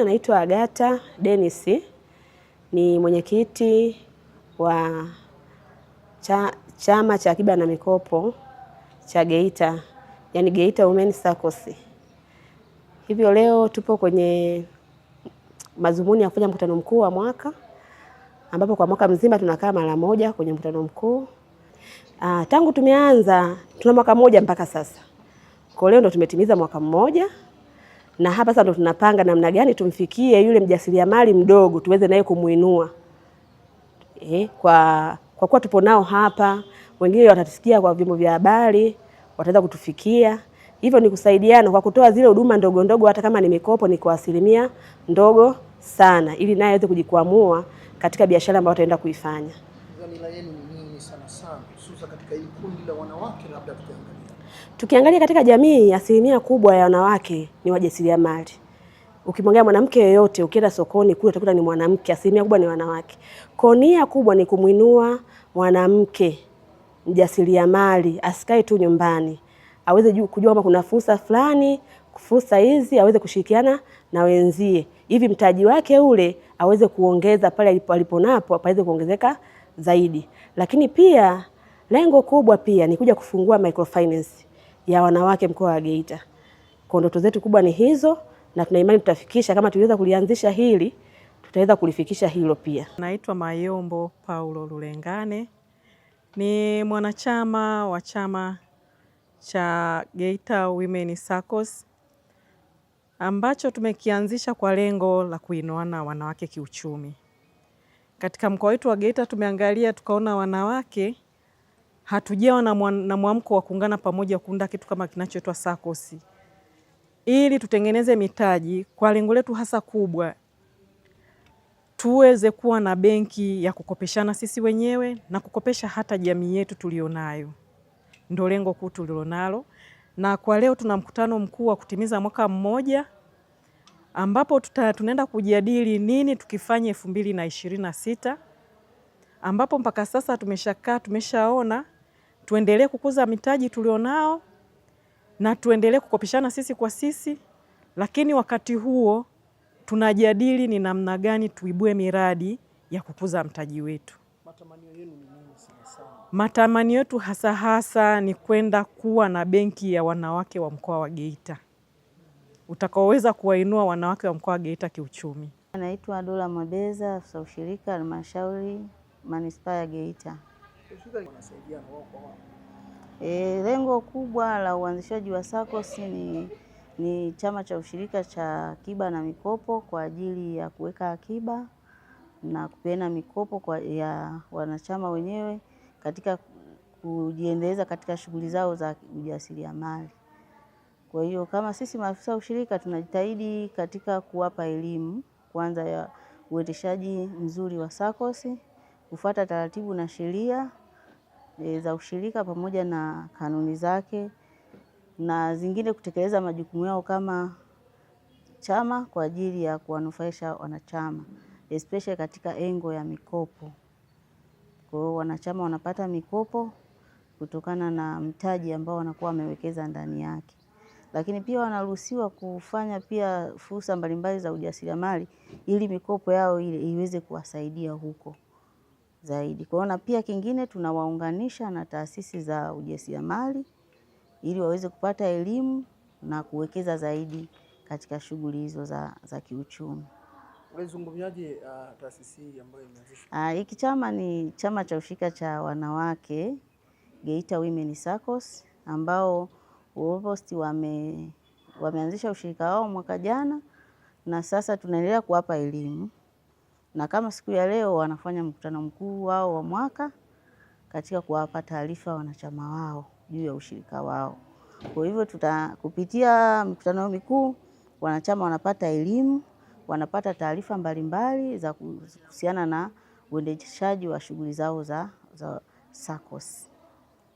Anaitwa Agata Dennis ni mwenyekiti wa cha, chama cha akiba na mikopo cha Geita, yani Geita Women SACCOS. Hivyo leo tupo kwenye madhumuni ya kufanya mkutano mkuu wa mwaka ambapo kwa mwaka mzima tunakaa mara moja kwenye mkutano mkuu. Ah, tangu tumeanza tuna mwaka mmoja mpaka sasa. Kwa leo ndo tumetimiza mwaka mmoja na hapa sasa ndo tunapanga namna gani tumfikie yule mjasiriamali mdogo tuweze naye kumuinua e, kwa kwa kuwa tupo nao hapa, wengine watatusikia kwa vyombo vya habari, wataweza kutufikia. Hivyo ni kusaidiana kwa kutoa zile huduma ndogo ndogo, hata kama ni mikopo ni kwa asilimia ndogo sana, ili naye aweze kujikwamua katika biashara ambayo wataenda kuifanya. Dhamira yenu ni nini sana sana, katika hili kundi la wanawake, labda tukiangalia Tukiangalia katika jamii, asilimia kubwa ya wanawake ni wajasiriamali. Ukimwangalia mwanamke yeyote, ukienda sokoni kule utakuta ni mwanamke, asilimia kubwa ni wanawake. Kwa nia kubwa ni kumwinua mwanamke mjasiriamali, asikae tu nyumbani, aweze kujua kama kuna fursa fulani, fursa hizi aweze kushirikiana na wenzie, hivi mtaji wake ule aweze kuongeza pale aliponapo, paweze kuongezeka zaidi, lakini pia Lengo kubwa pia ni kuja kufungua microfinance ya wanawake mkoa wa Geita. Kwa ndoto zetu kubwa ni hizo na tuna imani tutafikisha, kama tuliweza kulianzisha hili, tutaweza kulifikisha hilo pia. Naitwa Mayombo Paulo Lulengane, ni mwanachama wa chama cha Geita Women SACCOS ambacho tumekianzisha kwa lengo la kuinuana wanawake kiuchumi. Katika mkoa wetu wa Geita tumeangalia tukaona wanawake hatujawa na mwamko wa kuungana pamoja kuunda kitu kama kinachoitwa sakosi ili tutengeneze mitaji kwa lengo letu hasa kubwa, tuweze kuwa na benki ya kukopeshana sisi wenyewe na kukopesha hata jamii yetu tulionayo. ndo lengo kuu tulilonalo, na kwa leo tuna mkutano mkuu wa kutimiza mwaka mmoja ambapo tuta, tunaenda kujadili nini tukifanye elfu mbili na ishirini na sita ambapo mpaka sasa tumeshakaa tumeshaona tuendelee kukuza mitaji tulionao na tuendelee kukopeshana sisi kwa sisi, lakini wakati huo tunajadili ni namna gani tuibue miradi ya kukuza mtaji wetu. Matamanio yenu ni nini sana? Matamanio yetu hasa hasa ni kwenda kuwa na benki ya wanawake wa mkoa wa Geita utakaoweza kuwainua wanawake wa mkoa wa Geita kiuchumi. Anaitwa Dola Mabeza, afisa ushirika halmashauri manispaa ya Geita. E, lengo kubwa la uanzishaji wa SACCOS ni, ni chama cha ushirika cha akiba na mikopo kwa ajili ya kuweka akiba na kupeana mikopo kwa ya wanachama wenyewe katika kujiendeleza katika shughuli zao za ujasiriamali. Kwa hiyo kama sisi maafisa ushirika tunajitahidi katika kuwapa elimu kwanza ya uendeshaji mzuri wa SACCOS kufuata taratibu na sheria e, za ushirika pamoja na kanuni zake na zingine kutekeleza majukumu yao kama chama kwa ajili ya kuwanufaisha wanachama especially katika engo ya mikopo. Kwa hiyo wanachama wanapata mikopo kutokana na mtaji ambao wanakuwa wamewekeza ndani yake, lakini pia wanaruhusiwa kufanya pia fursa mbalimbali za ujasiriamali ili mikopo yao ile iweze kuwasaidia huko zaidi. Kwa hiyo na pia kingine tunawaunganisha na taasisi za ujasiriamali ili waweze kupata elimu na kuwekeza zaidi katika shughuli hizo za, za kiuchumi. Unazungumziaje uh, ah, taasisi hii ambayo imeanzishwa? Uh, hiki chama ni chama cha ushirika cha wanawake Geita Women SACCOS ambao Wovosti wame wameanzisha ushirika wao mwaka jana na sasa tunaendelea kuwapa elimu na kama siku ya leo wanafanya mkutano mkuu wao wa mwaka katika kuwapa taarifa wanachama wao juu ya ushirika wao. Kwa hivyo tuta kupitia mikutano mikuu wanachama wanapata elimu, wanapata taarifa mbalimbali za kuhusiana na uendeshaji wa shughuli zao za, za SACCOS.